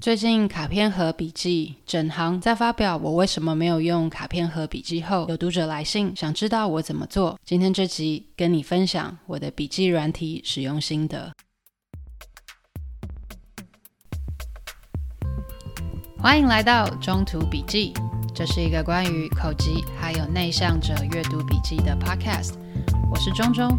最近卡片盒筆記正夯，在發表我為什麼沒有用卡片盒筆記後，有讀者來信，想知道我怎麼做。今天這集跟你分享我的筆記軟體使用心得。歡迎來到中途筆記，這是一個關於口記還有內向者閱讀筆記的 podcast，我是中中。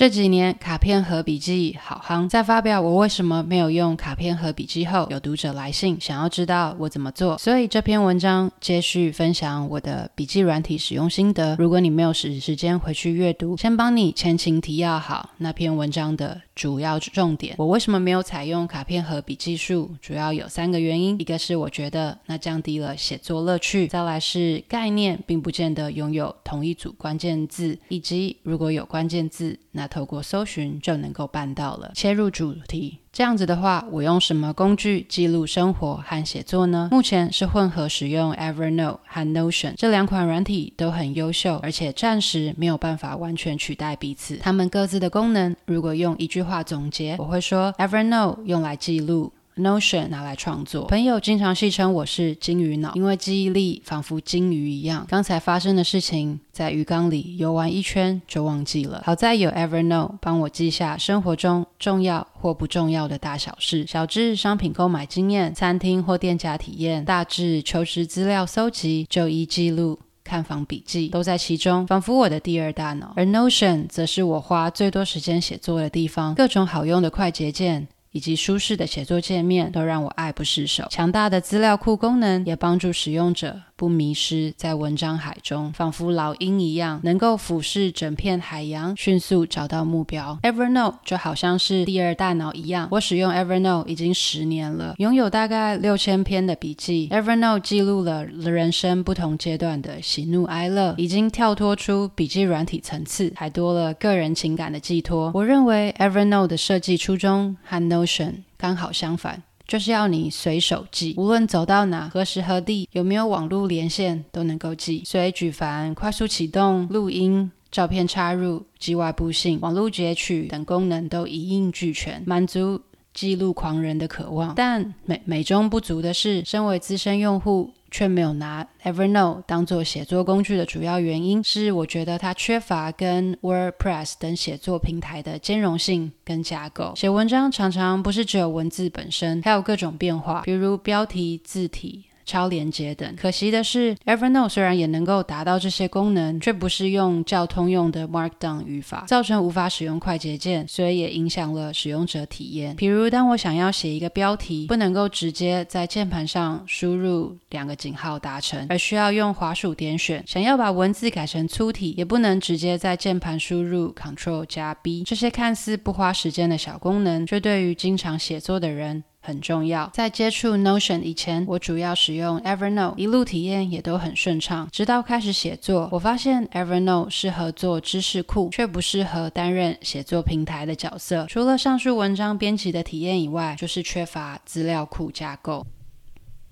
這幾年卡片盒筆記好夯，在發表我為什麼沒有用卡片盒筆記後，有讀者來信想要知道我怎麼做，所以這篇文章接續分享我的筆記軟體使用心得。如果你沒有時時間回去閱讀，先幫你前情提要好那篇文章的主要重點。我為什麼沒有採用卡片盒筆記術，主要有三個原因：一個是我覺得那降低了寫作樂趣；再來是概念並不見得擁有同一組關鍵字，以及如果有關鍵字那。透過搜尋就能夠辦到了。切入主題，這樣子的話，我用什麼工具記錄生活和寫作呢？目前是混合使用 Evernote 和 Notion 這兩款軟體都很優秀，而且暫時沒有辦法完全取代彼此。它們各自的功能，如果用一句話總結，我會說：Evernote 用來記錄。Notion 拿來創作。朋友經常戲稱我是金魚腦，因為記憶力仿佛金魚一樣。剛才發生的事情，在魚缸裡游玩一圈就忘記了。好在有 Evernote 幫我記下生活中重要或不重要的大小事，小至商品購買經驗、餐廳或店家體驗，大至求職資料蒐集、就醫記錄、看房筆記，都在其中，仿佛我的第二大腦。而 Notion 則是我花最多時間寫作的地方，各種好用的快捷鍵，以及舒適的寫作界面都讓我愛不釋手。強大的資料庫功能也幫助使用者，不迷失在文章海中，仿佛老鷹一樣，能夠俯視整片海洋，迅速找到目標。Evernote 就好像是第二大腦一樣，我使用 Evernote 已經十年了，擁有大概六千篇的筆記。Evernote 記錄了人生不同階段的喜怒哀樂，已經跳脫出筆記軟體層次，還多了個人情感的寄托。我認為 Evernote 的設計初衷和 Notion 剛好相反。就是要你隨手記，無論走到哪，何時何地，有沒有網絡連線，都能夠記。隨舉凡快速啟動、錄音、照片插入、寄外部信、網絡截取等功能都一應俱全，滿足記錄狂人的渴望。但美美中不足的是，身為資深用戶。卻沒有拿 Evernote 當作寫作工具的主要原因，是我覺得它缺乏跟 WordPress 等寫作平台的兼容性跟架構。寫文章常常不是只有文字本身，還有各種變化，比如標題、字體、超連接等。可惜的是，Evernote 雖然也能夠達到這些功能，卻不是用較通用的 Markdown 語法，造成無法使用快捷鍵，所以也影響了使用者體驗。比如，當我想要寫一個標題，不能夠直接在鍵盤上輸入兩個井號達成，而需要用滑鼠點選。想要把文字改成粗體，也不能直接在鍵盤輸入 Ctrl 加 B。這些看似不花時間的小功能，卻對於經常寫作的人。很重要。在接觸 Notion 以前，我主要使用 Evernote，一路體驗也都很順暢。直到開始寫作，我發現 Evernote 適合做知識庫，卻不適合擔任寫作平台的角色。除了上述文章編輯的體驗以外，就是缺乏資料庫架構。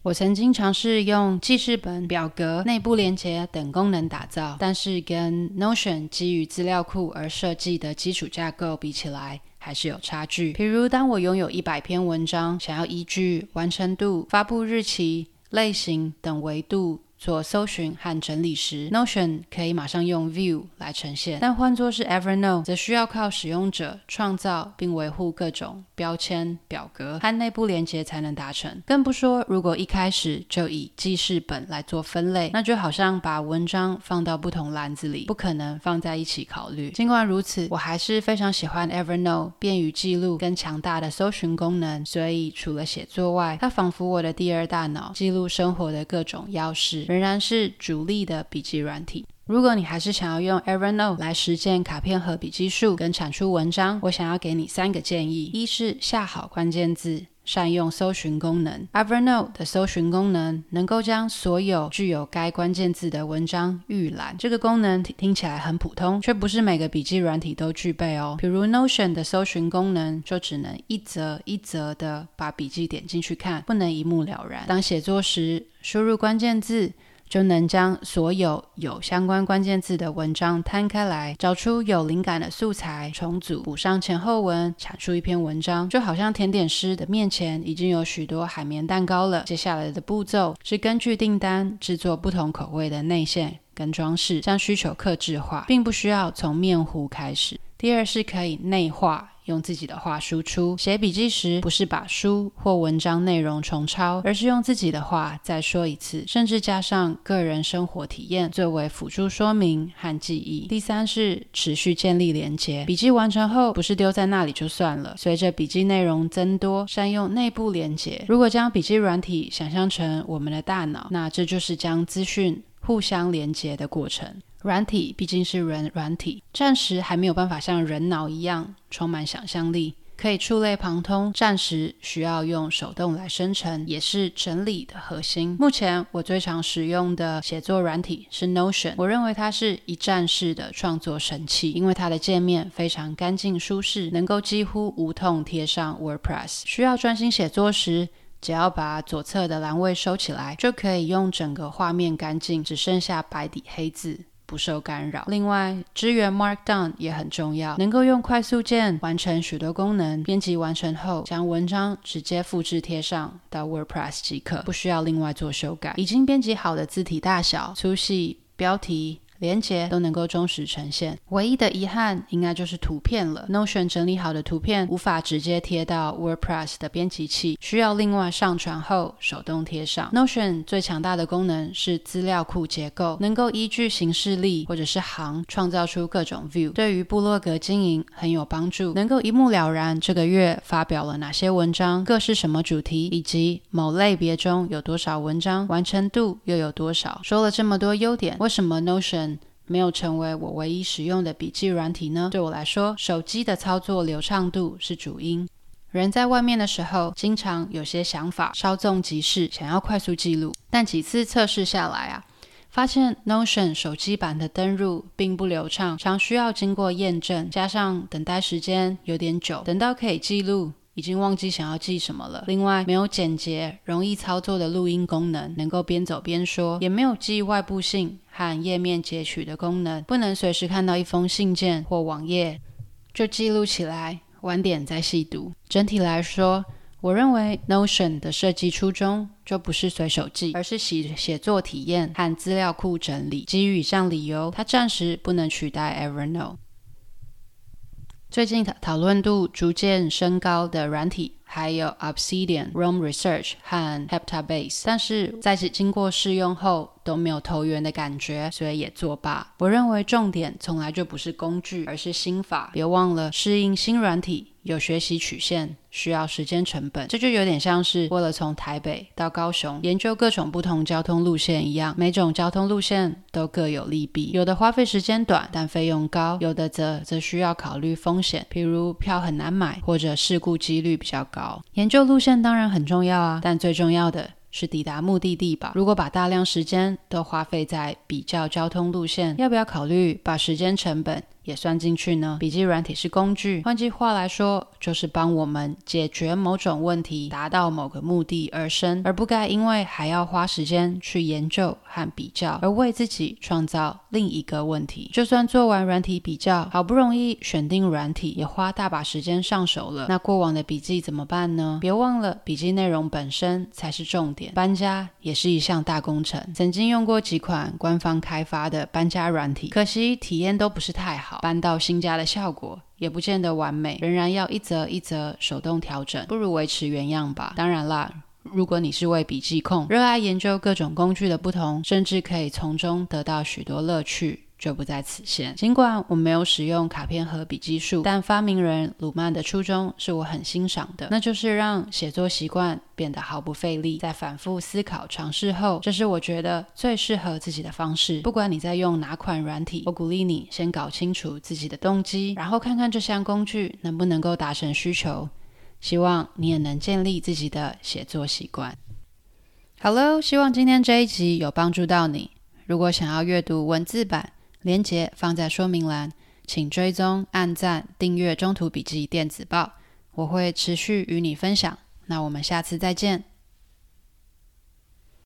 我曾經嘗試用記事本、表格、內部連接等功能打造，但是跟 Notion 基於資料庫而設計的基礎架構比起來，還是有差距。比如，當我擁有一百篇文章，想要依據完成度、發佈日期、類型等維度，做搜尋和整理時，Notion 可以馬上用 View 來呈現，但換作是 Evernote，則需要靠使用者創造並維護各種標籤、表格和內部連結才能達成。更不說，如果一開始就以記事本來做分類，那就好像把文章放到不同籃子裡，不可能放在一起考慮。儘管如此，我還是非常喜歡 Evernote 便於記錄跟強大的搜尋功能，所以除了寫作外，它仿佛我的第二大腦，記錄生活的各種要事。仍然是主力的筆記軟體。如果你還是想要用 Evernote 來實踐卡片盒筆記術跟產出文章，我想要給你三個建議：一是下好關鍵字。善用搜尋功能，Evernote 的搜尋功能能夠將所有具有該關鍵字的文章預覽。這個功能聽，聽起來很普通，卻不是每個筆記軟體都具備哦。比如 Notion 的搜尋功能就只能一則一則的把筆記點進去看，不能一目了然。當寫作時，輸入關鍵字，就能將所有有相關關鍵字的文章攤開來，找出有靈感的素材，重組、補上前後文，產出一篇文章。就好像甜點師的面前已經有許多海綿蛋糕了，接下來的步驟是根據訂單制作不同口味的內餡跟裝飾，將需求客製化，並不需要從麵糊開始。第二是可以內化，用自己的話輸出。寫筆記時，不是把書或文章內容重抄，而是用自己的話再說一次，甚至加上個人生活體驗作為輔助說明和記憶。第三是持續建立連結。筆記完成後，不是丟在那裡就算了。隨着筆記內容增多，善用內部連結。如果將筆記軟體想象成我們的大腦，那這就是將資訊互相連結的過程。軟體畢竟是人軟體，暫時還沒有辦法像人腦一樣充滿想象力可以觸類旁通。暫時需要用手動來生成，也是整理的核心。目前我最常使用的寫作軟體是 Notion，我認為它是一站式的創作神器，因為它的界面非常乾淨舒適，能夠幾乎無痛貼上 WordPress。需要專心寫作時，只要把左側的欄位收起來，就可以用整個畫面乾淨，只剩下白底黑字。不受干擾。另外，支援 Markdown 也很重要，能夠用快速鍵完成許多功能。編輯完成後，將文章直接複製貼上到 WordPress 即可，不需要另外做修改。已經編輯好的字體大小、粗細、標題、連結都能夠忠實呈現，唯一的遺憾應該就是圖片了。Notion 整理好的圖片無法直接貼到 WordPress 的編輯器，需要另外上傳後手動貼上。Notion 最強大的功能是資料庫結構，能夠依據形式列或者是行創造出各種 view，對於部落格經營很有幫助，能夠一目了然這個月發表了哪些文章，各是什麼主題，以及某類別中有多少文章，完成度又有多少。說了這麼多優點，為什麼 Notion？沒有成為我唯一使用的筆記軟體呢？對我來說，手機的操作流暢度是主因。人在外面的時候，經常有些想法稍縱即逝，想要快速記錄。但幾次測試下來啊，發現 Notion 手機版的登入並不流暢，常需要經過驗證，加上等待時間有點久，等到可以記錄，已經忘記想要記什麼了。另外，沒有簡潔、容易操作的錄音功能，能夠邊走邊說，也沒有記外部性。和頁面截取的功能，不能隨時看到一封信件或網頁就記錄起來，晚點再細讀。整體來說，我認為 Notion 的設計初衷就不是隨手記，而是寫寫作體驗和資料庫整理。基於以上理由，它暫時不能取代 Evernote。最近討討論度逐漸升高的軟體。還有 Obsidian、Room Research 和 Heptabase，但是在其經過試用後都沒有投緣的感覺，所以也作罷。我認為重點從來就不是工具，而是心法。別忘了適應新軟體有學習曲線，需要時間成本。這就有點像是為了從台北到高雄研究各種不同交通路線一樣，每種交通路線都各有利弊。有的花費時間短但費用高，有的則則需要考慮風險，比如票很難買或者事故幾率比較高。研究路線當然很重要啊，但最重要的是抵達目的地吧。如果把大量時間都花費在比較交通路線，要不要考慮把時間成本也算進去呢。筆記軟體是工具，換句話來說，就是幫我們解決某種問題、達到某個目的而生，而不該因為還要花時間去研究和比較，而為自己創造另一個問題。就算做完軟體比較，好不容易選定軟體，也花大把時間上手了，那過往的筆記怎麼辦呢？別忘了，筆記內容本身才是重點。搬家也是一項大工程，曾經用過幾款官方開發的搬家軟體，可惜體驗都不是太好。搬到新家的效果也不見得完美，仍然要一則一則手動調整，不如維持原樣吧。當然啦，如果你是位筆記控，熱愛研究各種工具的不同，甚至可以從中得到許多樂趣。就不在此限。儘管我沒有使用卡片盒筆記術，但發明人魯曼的初衷是我很欣賞的，那就是讓寫作習慣變得毫不費力。在反覆思考、嘗試後，這是我覺得最適合自己的方式。不管你在用哪款軟體，我鼓勵你先搞清楚自己的動機，然後看看這項工具能不能夠達成需求。希望你也能建立自己的寫作習慣。哈嘍，希望今天這一集有幫助到你。如果想要閱讀文字版，連結放在說明欄，請追蹤、按讚、訂閱《中途筆記電子報》，我會持續與你分享。那我們下次再見。